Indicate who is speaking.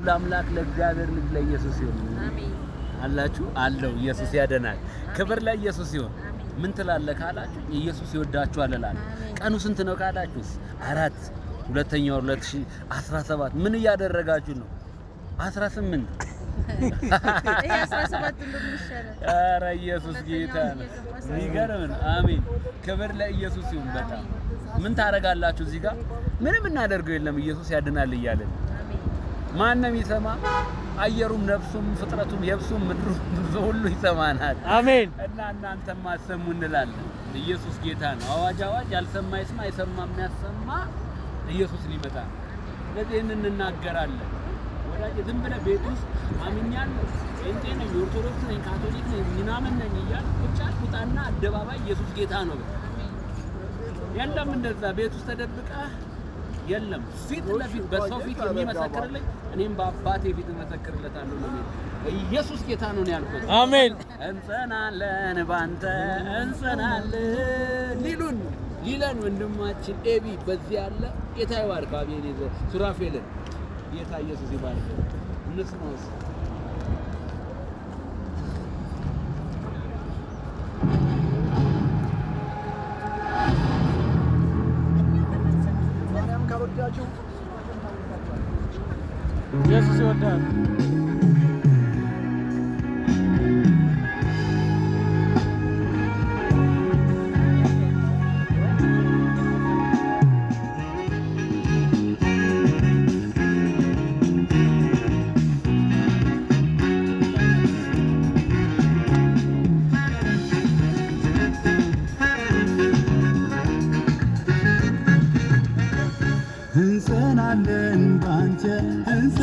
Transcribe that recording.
Speaker 1: ሁሉ አምላክ ለእግዚአብሔር ልጅ ለኢየሱስ ይሁን። አላችሁ አለው። ኢየሱስ ያደናል። ክብር ለኢየሱስ ይሁን። ምን ትላለህ ካላችሁ ኢየሱስ ይወዳችኋል እላለሁ። ቀኑ ስንት ነው ካላችሁስ አራት ሁለተኛው 2017 ምን እያደረጋችሁ ነው? 18 ኧረ ኢየሱስ ጌታ ነው። የሚገርም አሜን። ክብር ለኢየሱስ ይሁን። በጣም ምን ታደርጋላችሁ? እዚህ ጋር ምንም እናደርገው የለም። ኢየሱስ ያድናል እያለን ማንም ይሰማ። አየሩም፣ ነፍሱም፣ ፍጥረቱም፣ የብሱም፣ ምድሩም ሁሉ ይሰማናል። አሜን። እና እናንተም አሰሙ እንላለን። ኢየሱስ ጌታ ነው። አዋጅ አዋጅ! ያልሰማ ይስማ፣ የሰማ የሚያሰማ ኢየሱስ ሊመጣ ነው። ስለዚህ ይህንን እንናገራለን። ወዳጅ ዝም ብለህ ቤት ውስጥ አምኛለሁ፣ ጴንጤ ነኝ፣ ኦርቶዶክስ ነኝ፣ ካቶሊክ ነኝ፣ ምናምን ነኝ እያልክ ቁጭ አልክ። ውጣና አደባባይ ኢየሱስ ጌታ ነው። የለም እንደዛ ቤት ውስጥ ተደብቀህ የለም ፊት ለፊት በሰው ፊት የሚመሰክርልኝ እኔም በአባቴ ፊት እመሰክርለታለሁ ነው ኢየሱስ ጌታ ነው ያልኩት። አሜን። እንጸናለን ባንተ እንጸናለን ሊሉን ሊለን ወንድማችን ኤቢ በዚህ አለ። ጌታ ይባርክ። አሜን። ሱራፌልን ጌታ ኢየሱስ ይባርክ። እንስማውስ ኢየሱስ ይወዳል። እንጸናለን ባንተ